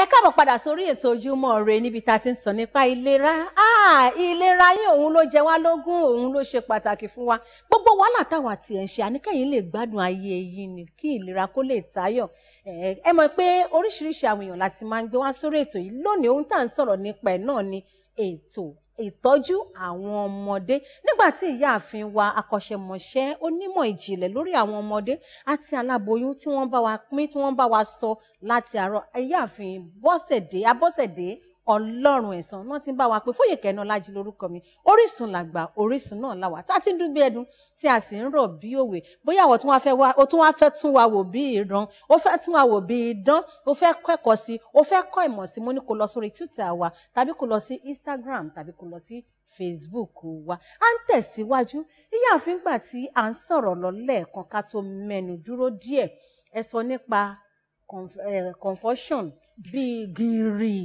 ẹ káàbọ̀ padà sórí ètò ojúmọ́ ire níbi tá a ti ń sọ nípa ìlera ah, ìlera yín òun ló jẹ wá lógún òun ló ṣe pàtàkì fún wa gbogbo wàhálà táwa tí ẹ̀ ń ṣe àníkẹ́yìn lè gbádùn ayé yín ni kí ìlera kó lè tayọ̀ eh, ẹ mọ̀ pé oríṣiríṣi àwọn èèyàn láti máa ń gbé wá sórí ètò yìí lónìí ohun tá à ń sọ̀rọ̀ nípa ẹ̀ náà ni ètò ìtọ́jú àwọn ọmọdé nígbà tí ìyáàfin wa akọ́ṣẹ́mọṣẹ́ onímọ̀ ìjìnlẹ̀ lórí àwọn ọmọdé àti aláboyún tí wọ́n bá wa pín tí wọ́n bá wa sọ láti àárọ̀ ìyáàfin Bọ́sẹ̀dé Abọ́sẹ̀dé ọlọ́run ẹ̀san náà ti ń bá wa pé Fóyèkẹ́ Ẹniọlájí lórúkọ mi Orísun làgbà Orísun náà làwà tá a ti ń dún bí ẹdun tí a sì ń rọ̀ bí òwe bóyá àwọ̀ tí wọ́n fẹ́ wá o tún wá fẹ́ tún wa wò bí ìran o fẹ́ tún wa wò bí idán o fẹ́ kọ́ ẹ̀kọ́ sí o fẹ́ kọ́ ìmọ̀ sí mo ní kó lọ sórí Twitter wa tàbí kó lọ sí Instagram tàbí kó lọ sí Facebook wa à ń tẹ̀síwájú ìyáàfin gbà tí à ń sọ̀rọ̀ lọ lẹ́ẹ̀kan ká tó mẹ́nu dúró díẹ̀ ẹ sọ nípa eh, confusion bíi gìrì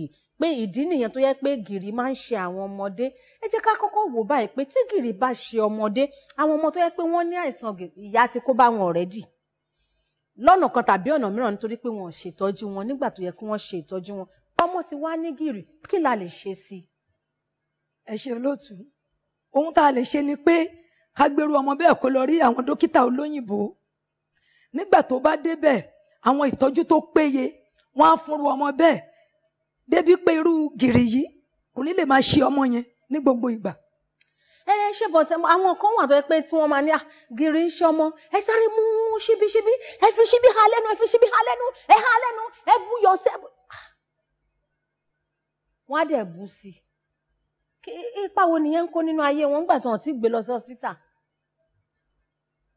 pé ìdí nìyẹn tó yẹ pé gìrì máa ń ṣe àwọn ọmọdé ẹ jẹ́ ká kọ́kọ́ wò báyìí pé tí gìrì bá ṣe ọmọdé àwọn ọmọ tó yẹ pé wọ́n ní àìsàn ìyá ti kó bá wọn already lọ́nà kan tàbí ọ̀nà mìíràn nítorí pé wọn ò ṣètọ́jú wọn nígbà tó yẹ kí wọ́n ṣe ìtọ́jú wọn ọmọ ti wá ní gìrì kí la lè ṣe sí i. ẹ ṣe olóòtú ohun tá a lè ṣe ni pé ká gbèrú ọmọ bẹ́ẹ̀ kó lọ rí àwọn dókítà olóyìnbó nígbà tó bá débẹ̀ àwọn ìtọ́jú tó péye wọ́n á fúnru ọmọ bẹ́ẹ̀ débi pé irú gìrì yìí kò ní lè máa ṣe ọmọ yẹn ní gbogbo ìgbà. ẹ ṣe bọ̀ tẹ àwọn kan wà tó yẹ pé tí wọ́n máa ní gìrì ń ṣe ọmọ ẹ sáré mú ṣíbí ṣíbí ẹ fi ṣíbí ha lẹ́nu ẹ fi ṣíbí ha lẹ́nu ẹ ha lẹ́nu ẹ bú yọ sẹ́ wọ́n á dẹ̀ bú sí i ipa wo nìyẹn ń kó nínú ayé wọn nígbà tí wọn ti gbé lọ sí hospital.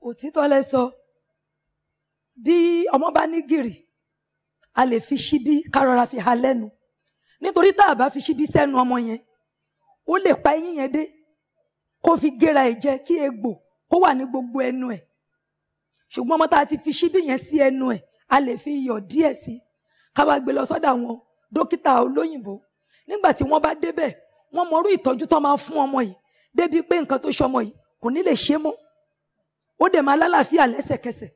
òtítọ́ lẹ sọ bí ọmọ bá ní gìrì a lè fi ṣíbí ká rọra fi ha lẹ́nu nítorí tá a bá fi ṣíbí sẹ́nu ọmọ yẹn ó lè pa eyín yẹn dé kó fi gera ẹ̀ jẹ kí egbò kó wà ní gbogbo ẹnu ẹ̀ ṣùgbọ́n ọmọ tá a ti fi ṣíbí yẹn sí ẹnu ẹ̀ a lè fi iyọ̀ díẹ̀ sí ká wá gbé lọ sọ́dọ̀ àwọn dókítà olóyìnbó nígbà tí wọ́n bá débẹ̀ wọ́n mọrú ìtọ́jú tó máa fún ọmọ yìí débi pé nǹkan tó ṣọmọ yìí kò ní lè ṣe mọ́ ó dẹ̀ máa lálàáfíà lẹ́sẹ̀kẹsẹ̀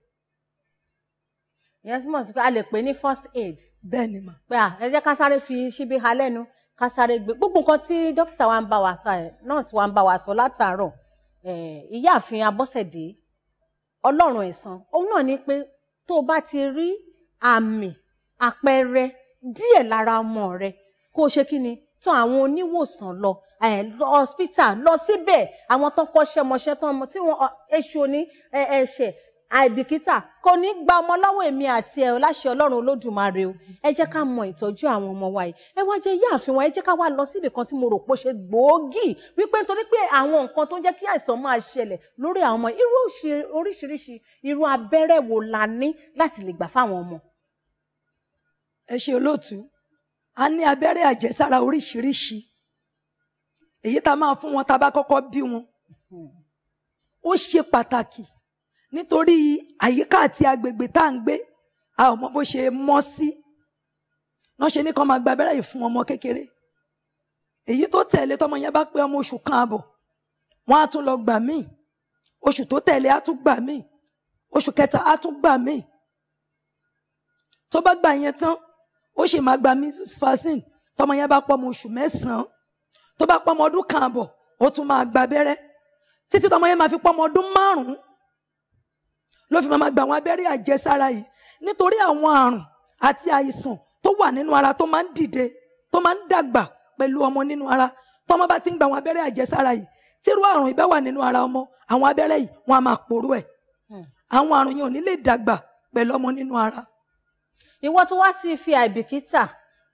ìyẹn túmọ̀ sí pé a lè pè ní first aid. bẹ́ẹ̀ ni mà. pé à ẹ jẹ́ ká sáré fi ṣíbí ha lẹ́nu ká sáré gbé gbogbo nǹkan tí dókítà wa ń bá wa sọ eh, nọ́ọ̀sì wa ń bá wa sọ látàárọ̀ eh, ìyáàfin abọ́sẹ̀dé ọlọ́run ẹ̀san òun náà ni pé tó o bá ti rí àmì àpẹẹrẹ díẹ̀ lára ọmọ rẹ kó o ṣe kí ni tán àwọn oníwòsàn lọ eh, hospital lọ síbẹ̀ àwọn tó kọ́ṣẹ́ mọṣẹ́ tán tí wọ́n èṣù ní ẹ̀ṣẹ̀ àìbìkítà kò ní gba ọmọ lọ́wọ́ èmi àti ẹ̀ láṣẹ ọlọ́run olódùmarè o ẹ jẹ́ ká mọ ìtọ́jú àwọn ọmọ wa yìí ẹ wá jẹ́ yá àfihàn ẹ jẹ́ ká wá lọ síbi kan tí mo rò pé ó ṣe gbòógì wípé nítorí pé àwọn nǹkan tó ń jẹ́ kí àìsàn máa ṣẹlẹ̀ lórí àwọn ọmọ irú oríṣiríṣi irú abẹ́rẹ́ wo la ní láti lè gbà fáwọn ọmọ. ẹ ṣe olóòtú a ní abẹ́rẹ́ àjẹsára oríṣiríṣi èyí tá máa fún wọn tá bá kọ́kọ́ bí wọn ó ṣe pàtàkì nítorí àyíká àti agbègbè tá à ń gbé a ò mọ bó ṣe mọ́ sí wọ́n ṣe ní kó máa gba abẹ́rẹ́ yìí fún ọmọ kékeré èyí tó tẹ̀lé tọmọ yẹn bá pé ọmọ oṣù kan àbọ̀ wọ́n á tún lọ gbà míì oṣù tó tẹ̀lé á tún gbà míì oṣù kẹta á tún gbà míì tó bá gbà yẹn tán ó ṣe máa gba measles vaccine tọmọ yẹn bá pọ̀ ọmọ oṣù mẹ́sàn-án tó bá pọ̀ ọmọ ọdún kan àbọ̀ ó tún máa gba abẹ́rẹ́ títí tọmọ yẹn máa fi pọ̀ ọmọ ọdún márùn-ún ló fi máa gba àwọn abẹ́rẹ́ àjẹsára yìí nítorí àwọn àrùn àti àìsàn tó wà nínú ara tó máa ń dìde tó máa ń dàgbà pẹ̀lú ọmọ nínú ara tọ́mọ bá ti ń gba àwọn abẹ́rẹ́ àjẹsára yìí tírú àrùn ìbá wà nínú ara ọmọ àwọn abẹ́rẹ́ yìí wọ́n á máa pòrú ẹ̀ hmm. àwọn àrùn yẹn ò ní lè dàgbà pẹ̀lú ọmọ nínú ara. ìwọ tó wá ti fi àìbìkítà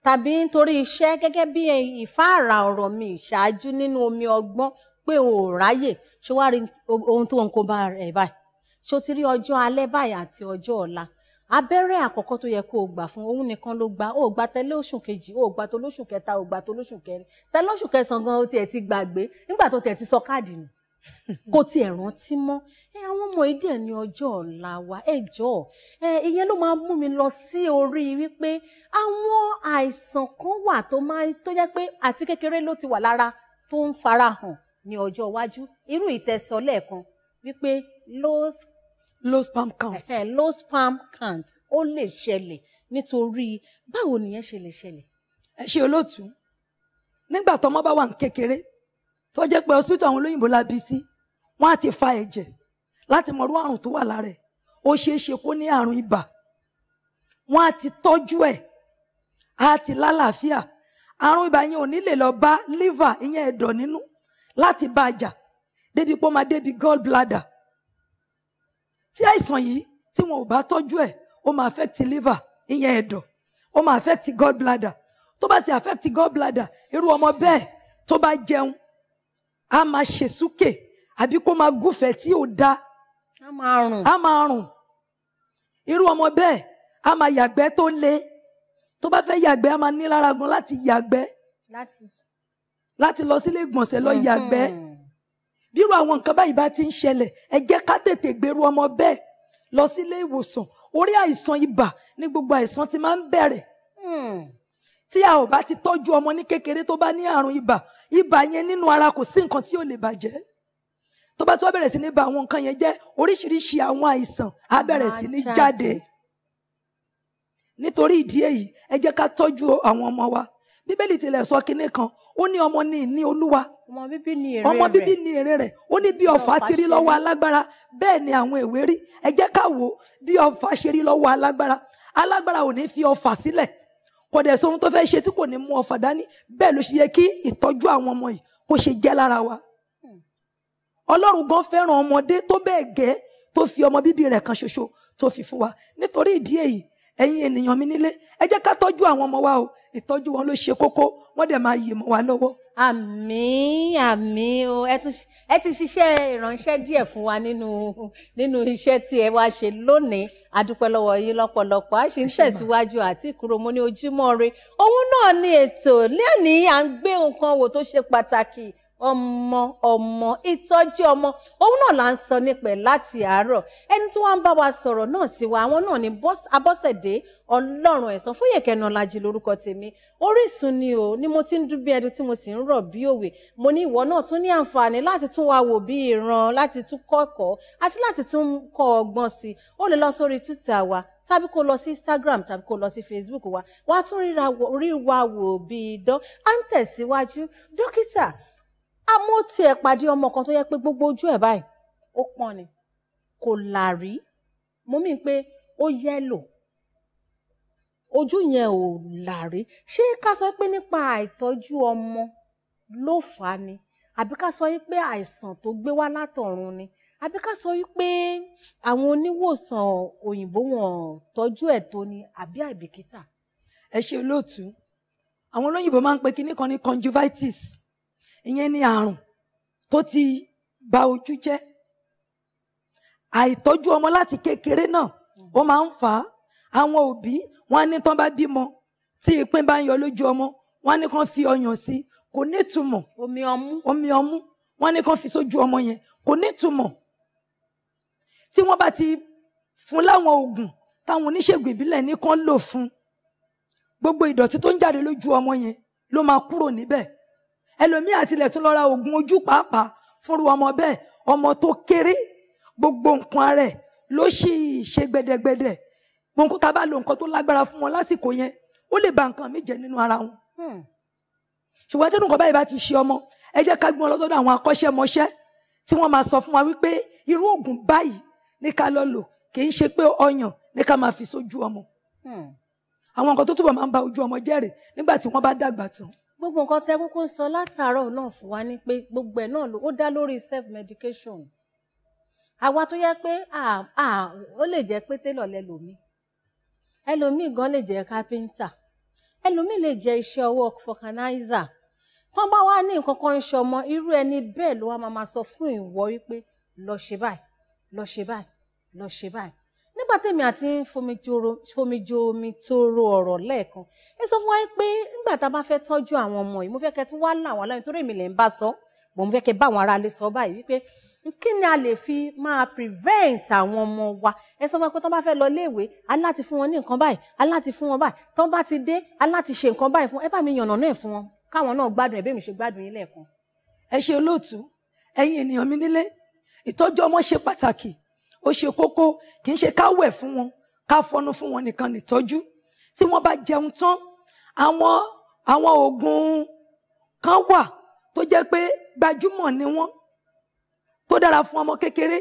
tàbí nítorí iṣẹ́ gẹ́gẹ́ bí ìfáàrà ọ̀rọ̀ mi ìṣáájú nínú omi ọgbọ́n pé o ò ráyè ṣé wàá rí ohun tó ń kó bá rẹ báyìí ṣó ti rí ọjọ́ alẹ́ báyìí àti ọjọ́ ọ̀la abẹ́rẹ́ àkọ́kọ́ tó yẹ kó o gbà fún òun nìkan ló gba ó gba tẹ́lẹ̀ oṣù kejì ó gba tó lóṣù kẹta ó gba tó lóṣù kẹrin tẹ́lẹ̀ oṣù kẹsàn-án gan o tiẹ̀ ti gbàgbé nígbà tó tiẹ̀ ti sọ káàdì nù kò tiẹ̀ rántí mọ́ ẹ àwọn ọmọ ìdí ẹ̀ ní ọjọ́ ọ̀la wa ẹ jọ̀ọ́ ẹ ìyẹn ló máa mú mi lọ sí orí wípé àwọn àìsàn kan wà tó máa tó jẹ́ pé àti kékeré ló ti wà lára tó ń farahàn ní ọjọ́ iwájú irú ìtẹ̀sọ́ lẹ́ẹ̀kan wípé low low sperm count. ẹ low sperm count ó lè ṣẹlẹ̀ nítorí báwo nìyẹn ṣe lè ṣẹlẹ̀. ẹ ṣe olóòtú nígbà tọmọ bá wà ní kékeré tó jẹ́ pé hospital àwọn olóyìnbó la bí sí wọ́n á ti fa ẹ̀jẹ̀ láti mọ irú àrùn tó wà lára ẹ̀ ó ṣeé ṣe kó ní àrùn ibà wọ́n á ti tọ́jú ẹ̀ á ti lálàáfíà àrùn ibà yẹn ò ní lè lọ bá liver ìyẹn ẹ̀dọ̀ nínú láti bá a jà débi pé ó máa débi gall bladder tí àìsàn yìí tí wọn ò bá tọ́jú ẹ̀ ó máa affect liver ìyẹn ẹ̀dọ̀ ó máa affect gallbladder tó bá ti affect gallbladder irú ọmọ bẹ́ẹ̀ tó bá jẹun á máa ṣe súkè àbí kó máa gúfẹ̀ tí ò da á máa rùn irú ọmọ bẹ́ẹ̀ á máa yàgbẹ́ tó le tó bá fẹ́ yàgbẹ́ á máa ní gan láti yàgbẹ́ láti lọ sílé ìgbọ̀nsẹ̀ lọ mhm. yàgbẹ́. Mm-hmm bírò àwọn nǹkan báyìí bá ti ń ṣẹlẹ̀ ẹ jẹ́ ká tètè gbèrú ọmọ bẹ́ẹ̀ lọ sí ilé ìwòsàn orí àìsàn ibà ní gbogbo àìsàn ti máa ń bẹ̀rẹ̀ hmm. tí a ò bá ti tọ́jú ọmọ ní kékeré tó bá ní àrùn ibà ibà yẹn nínú ara kò sí nǹkan tí ò lè bàjẹ́ tó bá tó bẹ̀rẹ̀ sí ní ba àwọn nǹkan yẹn jẹ́ oríṣiríṣi àwọn àìsàn á bẹ̀rẹ̀ sí ní jáde nítorí ìdí èyí ẹ jẹ́ ká tọ́jú àwọn ọmọ wa bíbélì tilẹ̀ sọ kinní kan ó ní ọmọ ní ìní olúwa ọmọ bíbí ni èrè rẹ̀ ọmọ bíbí ni èrè rẹ̀ ó ní bí ọfà ti rí lọ́wọ́ alágbára bẹ́ẹ̀ ni àwọn èwe rí ẹ jẹ́ ká wò bí ọfà ṣe rí lọ́wọ́ alágbára alágbára ò ní fi ọfà sílẹ̀ kò dẹ̀ sóhun tó fẹ́ ṣe tí kò ní mú ọfà dání bẹ́ẹ̀ ló ṣe yẹ kí ìtọ́jú àwọn ọmọ yìí kó ṣe jẹ́ lára wa hmm. ọlọ́run gan fẹ́ràn ọmọdé tó bẹ́ẹ̀ gẹ́ tó fi ọmọ bíbí rẹ̀ kan ṣoṣo tó fi fún wa nítorí ìdí èyí ẹ̀yin ènìyàn mi nílé ẹ jẹ́ ká tọ́jú àwọn ọmọ wa o ìtọ́jú wọn ló ṣe kókó wọ́n dẹ̀ máa yè mọ́ wa lọ́wọ́. àmín àmín o ẹ ti ṣiṣẹ́ ìránṣẹ́ díẹ̀ fún wa nínú nínú iṣẹ́ tí ẹ wá ṣe lónìí adúpẹ́ lọ́wọ́ yín lọ́pọ̀lọpọ̀ ń tẹ̀síwájú àti ìkúròmọ́ ní ojúmọ́ re òun náà ni ètò lẹ́ni à ń gbé nǹkan wò tó ṣe pàtàkì ọmọ ọmọ ìtọ́jú ọmọ òun náà là ń sọ nípa ẹ̀ láti àárọ̀ ẹni tó wá ń bá wa sọ̀rọ̀ náà sí wa àwọn náà ni Abọ́sẹ̀dé Ọlọ́run ẹ̀sán Fóyèkẹ́ Inaọlájí lórúkọ tèmi Orísun ni o ni mo ti ń dún bí ẹdun tí mo sì ń rọ̀ bí òwe mo ní ìwọ náà tún ní àǹfààní láti tún wa wò bí ìran láti tún kọ́ ẹ̀kọ́ àti láti tún kọ́ ọgbọ́n sí i ó lè lọ sórí Twitter wa tàbí kó lọ sí Instagram tàbí kó lọ sí Facebook wa wàá tún rí wa wò bí idán à ń tẹ̀síwájú dókítà àmọ́ tiẹ̀ pàdé ọmọ kan tó yẹ pé gbogbo ojú ẹ̀ báyìí ó pọ́n ni kò làrí mo mìn pé ó yẹ́lò ojú yẹn ò làrí ṣé ká sọ pé nípa àìtọ́jú ọmọ ló fà á ni àbí ká sọ pé àìsàn tó gbé wá látọ̀run ni àbí ká sọ pé àwọn oníwòsàn òyìnbó wọn tọ́jú ẹ̀ tó ni àbí àìbìkítà. ẹ ṣe olóòtú àwọn olóyìnbó máa ń pe kinní kan ní conjunctivitis ìyẹn ni àrùn tó ti ba ojú jẹ́ àìtọ́jú ọmọ láti kékeré náà ó máa ń fà á àwọn òbí wọn ní tán bá bímọ tí ìpín bá ń yọ lójú ọmọ wọn ní kàn fi ọyàn sí kò nítumọ̀ omi ọmú omi ọmú wọn ní kàn fi sójú ọmọ yẹn kò nítumọ̀ tí wọ́n bá ti fún láwọn oògùn táwọn oníṣègùn ìbílẹ̀ ní kàn lò fún gbogbo ìdọ̀tí tó ń jáde lójú ọmọ yẹn ló máa kúrò níbẹ̀ ẹlòmíì àtilẹ̀ tún lọ́ra oògùn ojú pàápàá fúnru ọmọ bẹ́ẹ̀ ọmọ tó kéré gbogbo nǹkan rẹ̀ ló sì ṣe gbẹdẹgbẹdẹ gbọǹkú tá a bá lo nǹkan tó lágbára fún wọn lásìkò yẹn ó lè ba nǹkan mi jẹ nínú ara wọn. Hmm. ṣùgbọ́n tí nǹkan báyìí bá ti ṣe ọmọ ẹ jẹ́ ká gbé wọn lọ sọ́dọ̀ àwọn akọ́ṣẹ́mọṣẹ́ tí wọ́n máa sọ fún wa wípé irú oògùn báyìí ní ká lọ lò kì í ṣe pé ọyàn ní ká máa fi sójú ọmọ. Hmm. àwọn nǹkan tó túbọ̀ máa ń ba ojú ọmọ jẹ́rìí nígbà tí wọ́n bá dàgbà tán gbogbo nǹkan tẹ kúkú ń sọ látàárọ̀ náà fún wa ni pé gbogbo ẹ̀ náà ó dá lórí self medication àwa tó yẹ pé ó lè jẹ́ pé télọ̀ lẹ́lòmíì ẹlòmíì gan lè jẹ́ kápẹ́ńtà ẹlòmíì lè jẹ́ iṣẹ́ ọwọ́ fọkànáìzà tán bá wá ní nǹkan kan ń ṣọmọ irú ẹni bẹ́ẹ̀ ló wá máa sọ fún ìwọ wípé lọ ṣe báyìí lọ ṣe báyìí lọ ṣe báyìí nígbà tèmi àti fomijoro omi toro ọ̀rọ̀ lẹ́ẹ̀kan ẹ sọ fún wa pé nígbà tá a bá fẹ́ tọ́jú àwọn ọmọ yìí mo fẹ́ kẹ́ tí wàá là wà láyé torí èmi lè ń bá sọ mo fẹ́ kẹ́ bá àwọn aráalé sọ báyìí wípé kí ni a lè fi máa prevent àwọn ọmọ wa ẹ sọ fún wa pé tó bá fẹ́ lọ léèwé aláti fún wọn ní nǹkan báyìí aláti fún wọn báyìí tó bá ti dé aláti ṣe nǹkan báyìí fún ẹ bá mi yànnà náà fún wọn káwọn náà gbádùn ẹbí mi ṣe gbádùn yín lẹ́ẹ̀kan. ẹ ṣe olóòtú ẹ̀yin ènìyàn mi nílé ìtọ́jú ọmọ ṣe pàtàkì ó ṣe kókó kì í ṣe ká wẹ̀ fún wọn ká fọnú fún wọn nìkan nìtọ́jú tí wọ́n bá jẹun tán àwọn àwọn oògùn kan wà tó jẹ́ pé gbajúmọ̀ ni wọ́n tó dára fún ọmọ kékeré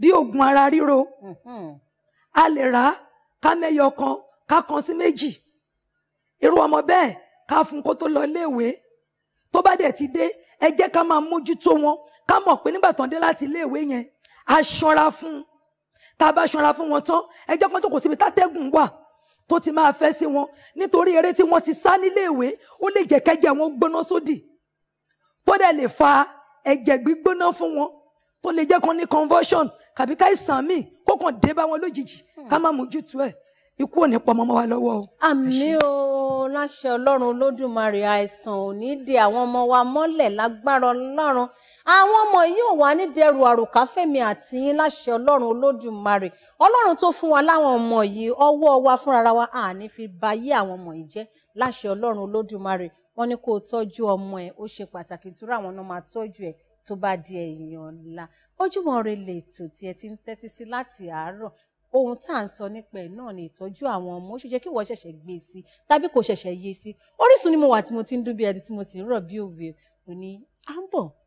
bí oògùn ara ríro mm-hmm. a lè rà á ká mẹ́yọ kan ká kan sí méjì irú ọmọ bẹ́ẹ̀ ká fún kó tó lọ iléèwé tó bá dẹ̀ ti dé ẹ jẹ́ ká máa mójútó wọn ká mọ̀ pé nígbà tán dé láti iléèwé yẹn a ṣọ́ra fún tá a bá ṣọ́ra fún wọn tán ẹjọ́ kan tó kò síbi tátẹ́gùn wà tó ti máa fẹ́ sí wọn nítorí eré tí wọ́n ti sá níléèwé ó lè jẹ́ kẹ́jẹ́ wọn gbóná sódì tó dẹ̀ lè fa ẹ̀jẹ̀ gbígbóná fún wọn tó lè jẹ́ kan ní convulsion kàbí ká ìsàn míì kó kàn dé bá wọn lójijì ká má mójútó ẹ̀ ikú ò ní pọ ọmọ wa lọ́wọ́ o. àmín o láṣẹ ọlọ́run olódùmarè àìsàn ò ní di àwọn ọmọ wa mọ́lẹ̀ lágbára ọlọ́run àwọn ọmọ yìí ò wá ní dẹrù àròkà fẹ́mi àti yín láṣẹ Ọlọ́run Olódùmarè Ọlọ́run tó fún wa láwọn ọmọ yìí ọwọ́ wa fúnra wa àní fi bayé àwọn ọmọ yìí jẹ́ láṣẹ Ọlọ́run Olódùmarè wọ́n ní kó o tọ́jú ọmọ ẹ ó ṣe pàtàkì ìtura àwọn náà máa tọ́jú ẹ tó bá di ẹ̀yìn ọ̀la Ojúmọ́ Ire lètò tí ẹ ti ń tẹ́tí sí láti àárọ̀ ohun tá à ń sọ nípa ẹ̀ náà ni ìtọ́jú àwọn ọmọ ó ṣe jẹ́ kí wọ́n ṣẹ̀ṣẹ̀ gbé e sí tàbí kò ṣẹ̀ṣẹ̀ yé sí Orísun ni mo wà tí mo ti ń dún ẹni tí mo sì ń rọ̀ bí òwe òní à